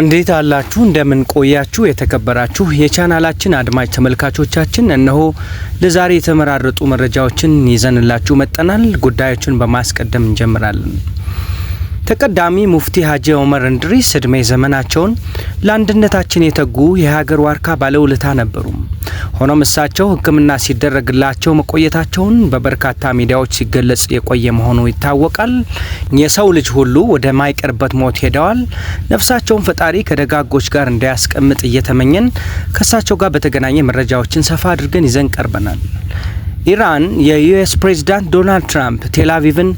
እንዴት አላችሁ? እንደምን ቆያችሁ? የተከበራችሁ የቻናላችን አድማጭ ተመልካቾቻችን፣ እነሆ ለዛሬ የተመራረጡ መረጃዎችን ይዘንላችሁ መጠናል። ጉዳዮችን በማስቀደም እንጀምራለን። ተቀዳሚ ሙፍቲ ሀጂ ኦመር እንድሪስ እድሜ ዘመናቸውን ለአንድነታችን የተጉ የሀገር ዋርካ ባለውለታ ነበሩ። ሆኖም እሳቸው ሕክምና ሲደረግላቸው መቆየታቸውን በበርካታ ሚዲያዎች ሲገለጽ የቆየ መሆኑ ይታወቃል። የሰው ልጅ ሁሉ ወደማይቀርበት ሞት ሄደዋል። ነፍሳቸውን ፈጣሪ ከደጋጎች ጋር እንዳያስቀምጥ እየተመኘን ከእሳቸው ጋር በተገናኘ መረጃዎችን ሰፋ አድርገን ይዘን ቀርበናል። ኢራን የዩኤስ ፕሬዚዳንት ዶናልድ ትራምፕ ቴል አቪቭን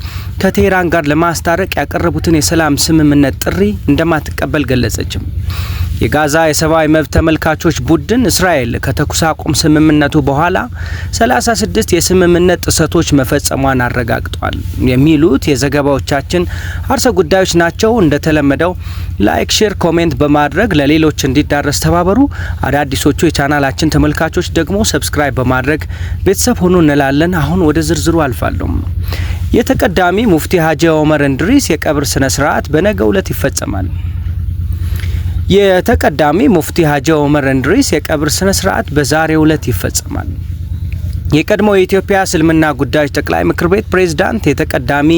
ከቴህራን ጋር ለማስታረቅ ያቀረቡትን የሰላም ስምምነት ጥሪ እንደማትቀበል ገለጸችም። የጋዛ የሰብአዊ መብት ተመልካቾች ቡድን እስራኤል ከተኩስ አቁም ስምምነቱ በኋላ 36 የስምምነት ጥሰቶች መፈጸሟን አረጋግጧል የሚሉት የዘገባዎቻችን አርሰ ጉዳዮች ናቸው። እንደተለመደው ላይክ፣ ሼር፣ ኮሜንት በማድረግ ለሌሎች እንዲዳረስ ተባበሩ። አዳዲሶቹ የቻናላችን ተመልካቾች ደግሞ ሰብስክራይብ በማድረግ ቤተሰብ ሆኑ እንላለን። አሁን ወደ ዝርዝሩ አልፋለሁ። የተቀዳሚ ሙፍቲ ሀጂ ኦመር እንድሪስ የቀብር ስነ ስርዓት በነገው ዕለት ይፈጸማል። የተቀዳሚ ሙፍቲ ሀጂ ኡመር እንድሪስ የቀብር ስነ ስርዓት በዛሬው ዕለት ይፈጸማል። የቀድሞ የኢትዮጵያ እስልምና ጉዳዮች ጠቅላይ ምክር ቤት ፕሬዝዳንት የተቀዳሚ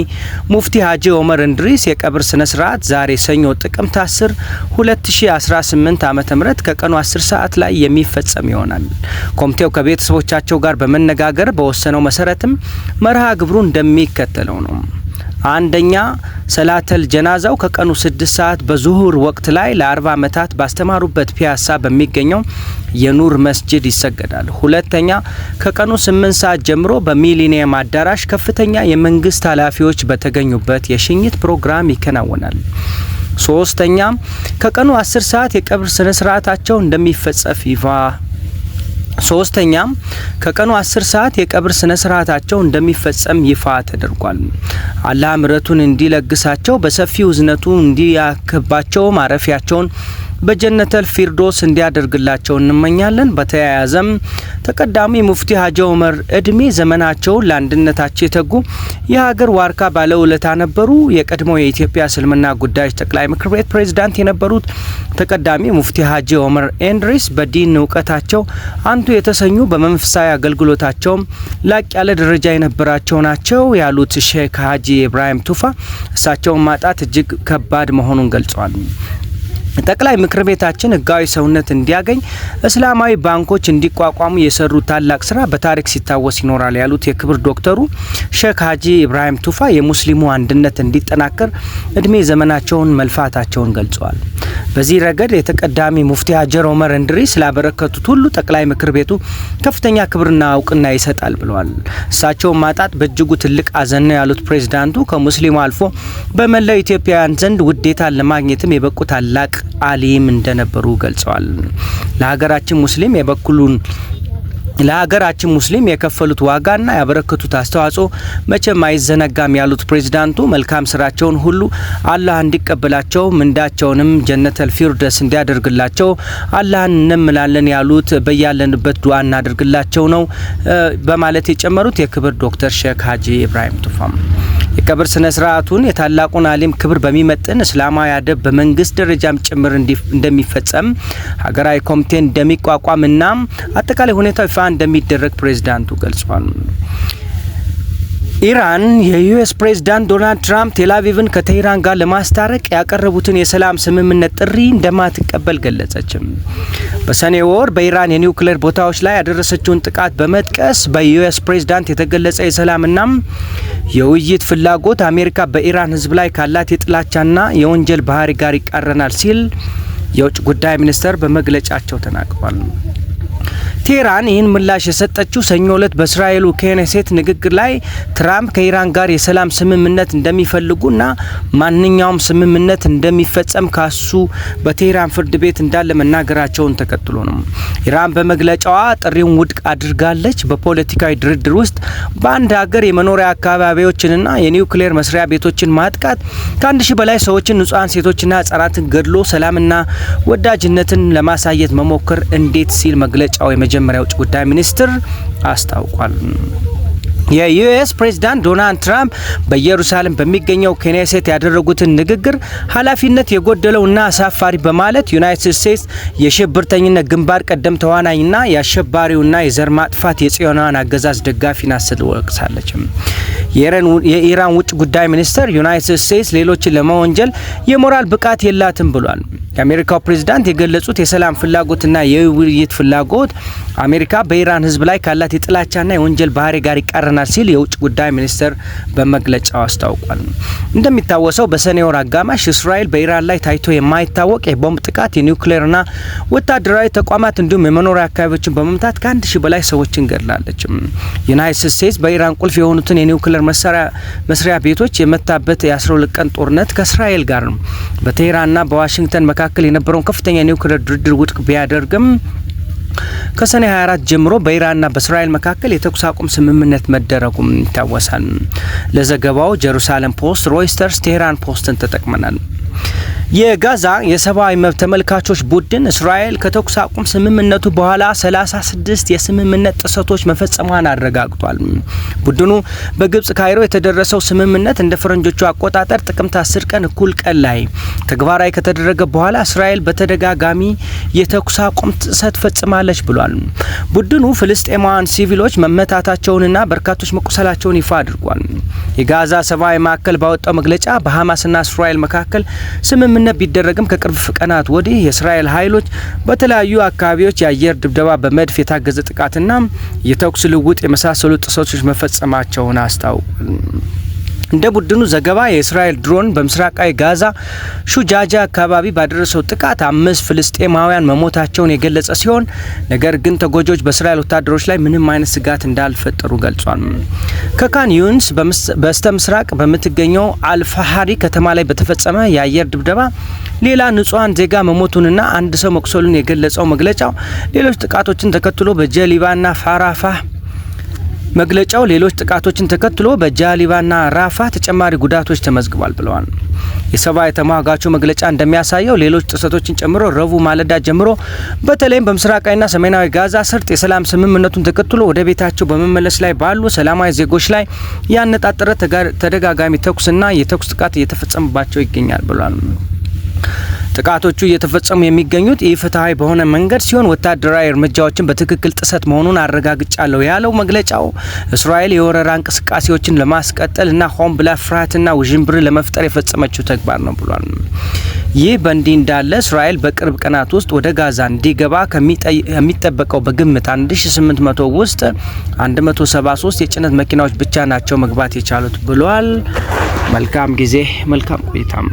ሙፍቲ ሀጂ ኡመር እንድሪስ የቀብር ስነ ስርዓት ዛሬ ሰኞ ጥቅምት 10 2018 ዓ ም ከቀኑ 10 ሰዓት ላይ የሚፈጸም ይሆናል። ኮሚቴው ከቤተሰቦቻቸው ጋር በመነጋገር በወሰነው መሰረትም መርሃ ግብሩ እንደሚከተለው ነው። አንደኛ ሰላተል ጀናዛው ከቀኑ ስድስት ሰዓት በዙሁር ወቅት ላይ ለአርባ ዓመታት ባስተማሩበት ፒያሳ በሚገኘው የኑር መስጅድ ይሰገዳል። ሁለተኛ ከቀኑ ስምንት ሰዓት ጀምሮ በሚሊኒየም አዳራሽ ከፍተኛ የመንግስት ኃላፊዎች በተገኙበት የሽኝት ፕሮግራም ይከናወናል። ሶስተኛ ከቀኑ አስር ሰዓት የቀብር ስነ ስርዓታቸው እንደሚፈጸፍ ይፋ ሶስተኛም ከቀኑ አስር ሰዓት የቀብር ስነ ስርዓታቸው እንደሚፈጸም ይፋ ተደርጓል። አላህ ምረቱን እንዲለግሳቸው በሰፊው እዝነቱ እንዲያክባቸው ማረፊያቸውን በጀነተል ፊርዶስ እንዲያደርግላቸው እንመኛለን። በተያያዘም ተቀዳሚ ሙፍቲ ሀጂ ኡመር እድሜ ዘመናቸውን ለአንድነታቸው የተጉ የሀገር ዋርካ ባለውለታ ነበሩ። የቀድሞ የኢትዮጵያ እስልምና ጉዳዮች ጠቅላይ ምክር ቤት ፕሬዚዳንት የነበሩት ተቀዳሚ ሙፍቲ ሀጂ ኡመር ኤንድሪስ በዲን እውቀታቸው አንቱ የተሰኙ በመንፈሳዊ አገልግሎታቸውም ላቅ ያለ ደረጃ የነበራቸው ናቸው ያሉት ሼክ ሀጂ ኢብራሂም ቱፋ እሳቸውን ማጣት እጅግ ከባድ መሆኑን ገልጿል። ጠቅላይ ምክር ቤታችን ህጋዊ ሰውነት እንዲያገኝ እስላማዊ ባንኮች እንዲቋቋሙ የሰሩ ታላቅ ስራ በታሪክ ሲታወስ ይኖራል ያሉት የክብር ዶክተሩ ሼክ ሀጂ ኢብራሂም ቱፋ የሙስሊሙ አንድነት እንዲጠናከር እድሜ ዘመናቸውን መልፋታቸውን ገልጸዋል። በዚህ ረገድ የተቀዳሚ ሙፍቲ ሀጀር ኦመር እንድሪ ስላበረከቱት ሁሉ ጠቅላይ ምክር ቤቱ ከፍተኛ ክብርና እውቅና ይሰጣል ብለዋል። እሳቸውን ማጣት በእጅጉ ትልቅ ሐዘን ነው ያሉት ፕሬዚዳንቱ ከሙስሊሙ አልፎ በመላው ኢትዮጵያውያን ዘንድ ውዴታን ለማግኘትም የበቁ ታላቅ አሊም እንደነበሩ ገልጸዋል። ለሀገራችን ሙስሊም የበኩሉን ለሀገራችን ሙስሊም የከፈሉት ዋጋና ያበረከቱት አስተዋጽኦ መቼም አይዘነጋም ያሉት ፕሬዚዳንቱ መልካም ስራቸውን ሁሉ አላህ እንዲቀበላቸው ምንዳቸውንም ጀነተል ፊርደስ እንዲያደርግላቸው አላህን እንምላለን ያሉት በያለንበት ዱዓ እናደርግላቸው ነው በማለት የጨመሩት የክብር ዶክተር ሼክ ሀጂ ኢብራሂም ቱፋም የቀብር ስነ ስርዓቱን የታላቁን አሊም ክብር በሚመጥን እስላማዊ አደብ በመንግስት ደረጃም ጭምር እንደሚፈጸም ሀገራዊ ኮሚቴ እንደሚቋቋምና አጠቃላይ ሁኔታው ይፋ እንደሚደረግ ፕሬዚዳንቱ ገልጿል። ኢራን የዩኤስ ፕሬዝዳንት ዶናልድ ትራምፕ ቴላቪቭን ከቴህራን ጋር ለማስታረቅ ያቀረቡትን የሰላም ስምምነት ጥሪ እንደማትቀበል ገለጸችም። በሰኔ ወር በኢራን የኒውክሌር ቦታዎች ላይ ያደረሰችውን ጥቃት በመጥቀስ በዩኤስ ፕሬዝዳንት የተገለጸ የሰላምና የውይይት ፍላጎት አሜሪካ በኢራን ሕዝብ ላይ ካላት የጥላቻና የወንጀል ባህሪ ጋር ይቃረናል ሲል የውጭ ጉዳይ ሚኒስተር በመግለጫቸው ተናግሯል። ቴህራን ይህን ምላሽ የሰጠችው ሰኞ እለት በእስራኤሉ ክኔሴት ንግግር ላይ ትራምፕ ከኢራን ጋር የሰላም ስምምነት እንደሚፈልጉና ማንኛውም ስምምነት እንደሚፈጸም ካሱ በቴህራን ፍርድ ቤት እንዳለ መናገራቸውን ተከትሎ ነው። ኢራን በመግለጫዋ ጥሪውን ውድቅ አድርጋለች። በፖለቲካዊ ድርድር ውስጥ በአንድ ሀገር የመኖሪያ አካባቢዎችንና የኒውክሌር መስሪያ ቤቶችን ማጥቃት ከአንድ ሺህ በላይ ሰዎችን ንጹሐን ሴቶችና ህጻናትን ገድሎ ሰላምና ወዳጅነትን ለማሳየት መሞከር እንዴት ሲል መግለጫው የመጀመሪያ ውጭ ጉዳይ ሚኒስትር አስታውቋል። የዩኤስ ፕሬዝዳንት ዶናልድ ትራምፕ በኢየሩሳሌም በሚገኘው ኬኔሴት ያደረጉትን ንግግር ኃላፊነት የጎደለውና አሳፋሪ በማለት ዩናይትድ ስቴትስ የሽብርተኝነት ግንባር ቀደም ተዋናኝና የአሸባሪውና የዘር ማጥፋት የጽዮናን አገዛዝ ደጋፊ ናት ወቅሳለች። የኢራን ውጭ ጉዳይ ሚኒስትር ዩናይትድ ስቴትስ ሌሎችን ለመወንጀል የሞራል ብቃት የላትም ብሏል። የአሜሪካው ፕሬዝዳንት የገለጹት የሰላም ፍላጎትና የውይይት ፍላጎት አሜሪካ በኢራን ሕዝብ ላይ ካላት የጥላቻና የወንጀል ባህሪ ጋር ይቃረናል ይሆናል ሲል የውጭ ጉዳይ ሚኒስቴር በመግለጫው አስታውቋል። እንደሚታወሰው በሰኔ ወር አጋማሽ እስራኤል በኢራን ላይ ታይቶ የማይታወቅ የቦምብ ጥቃት የኒውክሌርና ወታደራዊ ተቋማት እንዲሁም የመኖሪያ አካባቢዎችን በመምታት ከአንድ ሺ በላይ ሰዎችን ገድላለች። ዩናይትድ ስቴትስ በኢራን ቁልፍ የሆኑትን የኒውክሌር መሳሪያ መስሪያ ቤቶች የመታበት የ12 ቀን ጦርነት ከእስራኤል ጋር በቴህራንና በዋሽንግተን መካከል የነበረውን ከፍተኛ የኒውክሌር ድርድር ውድቅ ቢያደርግም ከሰኔ 24 ጀምሮ በኢራንና በእስራኤል መካከል የተኩስ አቁም ስምምነት መደረጉም ይታወሳል። ለዘገባው ጀሩሳሌም ፖስት፣ ሮይስተርስ፣ ቴሄራን ፖስትን ተጠቅመናል። የጋዛ የሰብአዊ መብት ተመልካቾች ቡድን እስራኤል ከተኩስ አቁም ስምምነቱ በኋላ 36 የስምምነት ጥሰቶች መፈጸሟን አረጋግጧል። ቡድኑ በግብጽ ካይሮ የተደረሰው ስምምነት እንደ ፈረንጆቹ አቆጣጠር ጥቅምት 10 ቀን እኩል ቀን ላይ ተግባራዊ ከተደረገ በኋላ እስራኤል በተደጋጋሚ የተኩስ አቁም ጥሰት ፈጽማለች ብሏል። ቡድኑ ፍልስጤማውያን ሲቪሎች መመታታቸውንና በርካቶች መቁሰላቸውን ይፋ አድርጓል። የጋዛ ሰብአዊ ማዕከል ባወጣው መግለጫ በሐማስና እስራኤል መካከል ስምምነት ስምምነት ቢደረግም ከቅርብ ቀናት ወዲህ የእስራኤል ኃይሎች በተለያዩ አካባቢዎች የአየር ድብደባ፣ በመድፍ የታገዘ ጥቃትና የተኩስ ልውውጥ የመሳሰሉ ጥሰቶች መፈጸማቸውን አስታውቋል። እንደ ቡድኑ ዘገባ የእስራኤል ድሮን በምስራቃዊ ጋዛ ሹጃጃ አካባቢ ባደረሰው ጥቃት አምስት ፍልስጤማውያን መሞታቸውን የገለጸ ሲሆን ነገር ግን ተጎጂዎች በእስራኤል ወታደሮች ላይ ምንም አይነት ስጋት እንዳልፈጠሩ ገልጿል። ከካን ዩንስ በስተ ምስራቅ በምትገኘው አልፋሃሪ ከተማ ላይ በተፈጸመ የአየር ድብደባ ሌላ ንጹሐን ዜጋ መሞቱንና አንድ ሰው መቁሰሉን የገለጸው መግለጫው ሌሎች ጥቃቶችን ተከትሎ በጀሊባና ፋራፋህ መግለጫው ሌሎች ጥቃቶችን ተከትሎ በጃሊባና ራፋ ተጨማሪ ጉዳቶች ተመዝግቧል ብለዋል። የሰብአዊ ተሟጋቹ መግለጫ እንደሚያሳየው ሌሎች ጥሰቶችን ጨምሮ ረቡ ማለዳ ጀምሮ በተለይም በምስራቃዊና ሰሜናዊ ጋዛ ስርጥ የሰላም ስምምነቱን ተከትሎ ወደ ቤታቸው በመመለስ ላይ ባሉ ሰላማዊ ዜጎች ላይ ያነጣጠረ ተደጋጋሚ ተኩስና የተኩስ ጥቃት እየተፈጸመባቸው ይገኛል ብሏል። ጥቃቶቹ እየተፈጸሙ የሚገኙት ኢፍትሐዊ በሆነ መንገድ ሲሆን ወታደራዊ እርምጃዎችን በትክክል ጥሰት መሆኑን አረጋግጫለሁ ያለው መግለጫው እስራኤል የወረራ እንቅስቃሴዎችን ለማስቀጠል እና ሆን ብላ ፍርሃትና ውዥንብር ለመፍጠር የፈጸመችው ተግባር ነው ብሏል። ይህ በእንዲህ እንዳለ እስራኤል በቅርብ ቀናት ውስጥ ወደ ጋዛ እንዲገባ ከሚጠበቀው በግምት 1800 ውስጥ 173 የጭነት መኪናዎች ብቻ ናቸው መግባት የቻሉት ብሏል። መልካም ጊዜ፣ መልካም ቆይታም